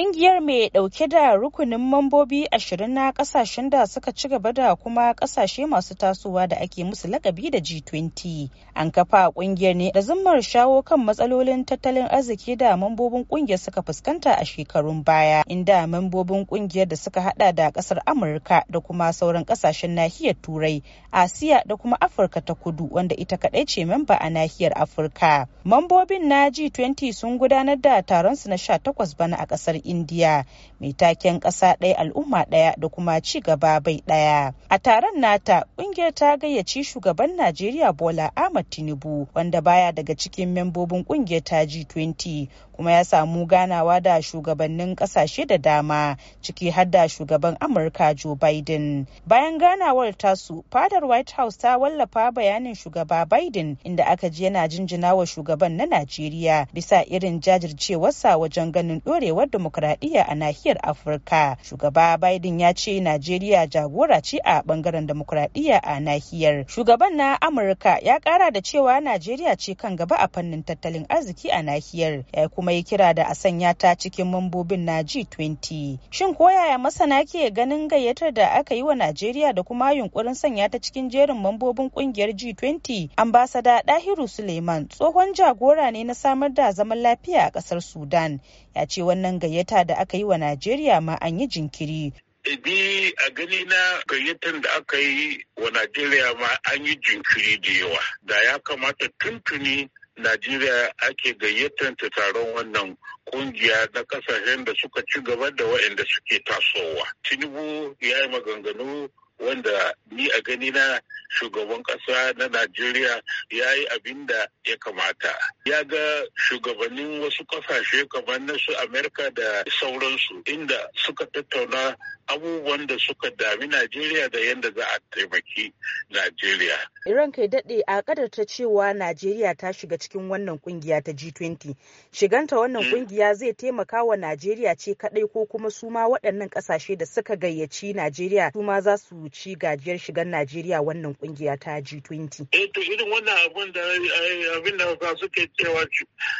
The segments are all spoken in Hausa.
Ƙungiyar mai ɗauke da rukunin mambobi ashirin na kasashen da suka ci gaba da kuma ƙasashe masu tasowa da ake musu lakabi da G20. An kafa ƙungiyar ne da zimmar shawo kan matsalolin tattalin arziki da mambobin ƙungiyar suka fuskanta a shekarun baya, inda mambobin ƙungiyar da suka hada da ƙasar Amurka da kuma sauran ƙasashen nahiyar Turai, Asiya da kuma Afirka ta Kudu wanda ita kaɗai ce memba a nahiyar Afirka. Mambobin na G20 sun gudanar da taron su na 18 bana a ƙasar indiya mai taken ƙasa ɗaya al'umma ɗaya da kuma ci gaba bai ɗaya a taron nata ƙungiyar ta gayyaci shugaban najeriya bola ahmad tinubu wanda baya daga cikin membobin ƙungiyar ta g20 kuma ya samu ganawa da shugabannin ƙasashe da dama ciki har da shugaban amurka joe biden bayan ganawar tasu fadar white house ta wallafa bayanin shugaba biden inda aka ji yana jinjina wa shugaban na najeriya bisa irin jajircewarsa wajen ganin ɗorewar demokuraɗiyya a nahiyar Afirka. Shugaba Biden ya ce Najeriya jagora ce a bangaren demokuraɗiyya a nahiyar. Shugaban na Amurka ya kara da cewa Najeriya ce kan gaba a fannin tattalin arziki a nahiyar. Ya kuma yi kira da a sanya ta cikin mambobin na G20. Shin ko yaya masana ke ganin gayyatar da aka yi wa Najeriya da kuma yunkurin sanya ta cikin jerin mambobin kungiyar G20? Ambasada Dahiru Suleiman tsohon jagora ne na samar da zaman lafiya a kasar Sudan. Ya ce wannan gayyatar gayyata da aka yi wa Najeriya ma an yi jinkiri. Ibi a gani na gayyatar da aka yi wa Najeriya ma an yi jinkiri da yawa. Da ya kamata tuntuni Najeriya ake gayyatar ta taron wannan kungiya na kasashen da suka ci gaba da waɗanda suke tasowa. Tinubu ya yi maganganu wanda ni a gani na shugaban kasa na Najeriya ya yi abin da ya kamata. Ya ga shugabannin wasu kasashe kamar na su Amerika da sauransu inda suka tattauna abubuwan da suka dami Najeriya da yadda za a taimaki Najeriya. Iran kai daɗe a ta cewa Najeriya ta shiga cikin wannan kungiya ta G20. Shiganta wannan kungiya mm. zai taimaka wa Najeriya ce kaɗai ko kuma suma waɗannan ƙasashe da suka gayyaci Najeriya su ma za su ci gajiyar shigar Najeriya wannan kungiya ta G20? Eh to irin wannan eh, abin da abin da ka suke cewa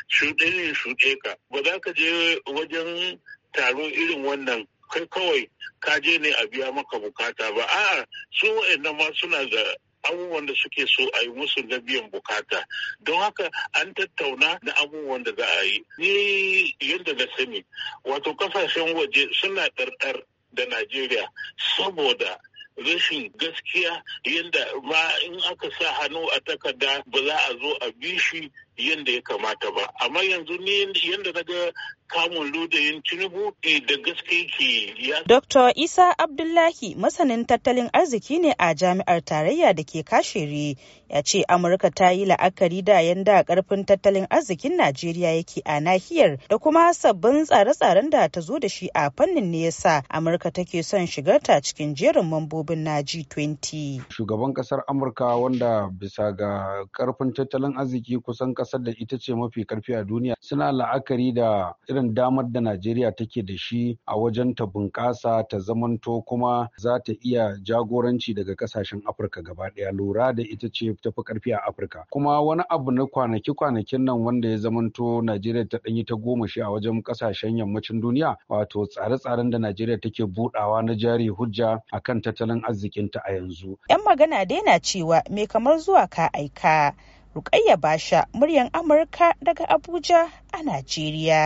shuɗe ne shuɗe ka ba za ka je wajen taro irin wannan kai kawai ka je ne a biya maka bukata ba a'a su wa'annan ma suna da abubuwan da suke so a yi musu na biyan bukata don haka an tattauna na abubuwan da za a yi ni yadda na sani wato kasashen waje suna ɗarɗar da najeriya saboda rashin gaskiya yadda ma in aka sa hannu a takarda ba za a zo a bi shi yadda ya kamata ba amma yanzu ni yadda na ga kamun ludayin tinubu eh, da gaske ke ya dr isa abdullahi masanin tattalin arziki ne a jami'ar tarayya da ke kashere ya ce amurka ta yi la'akari da yanda karfin tattalin arzikin najeriya yake a nahiyar da kuma sabbin tsare-tsaren da ta zo da shi a fannin nesa amurka take son shigarta cikin jerin mambobin na g20 shugaban kasar amurka wanda bisa ga karfin tattalin arziki kusan kasa ƙasar da ita ce mafi karfi a duniya suna la'akari da irin damar da Najeriya take da shi a wajen ta bunƙasa ta zamanto kuma za ta iya jagoranci daga ƙasashen Afirka gaba ɗaya lura da ita ce tafi karfi a Afirka. Kuma wani abu na kwanaki-kwanakin nan wanda ya zamanto Najeriya ta ɗanyi ta goma shi a wajen ƙasashen yammacin duniya wato tsare-tsaren da Najeriya take buɗawa na jari hujja akan tattalin arzikinta a yanzu. 'Yan magana dai na cewa me kamar zuwa ka aika. Rukayya Basha, muryan Amurka daga Abuja a Najeriya.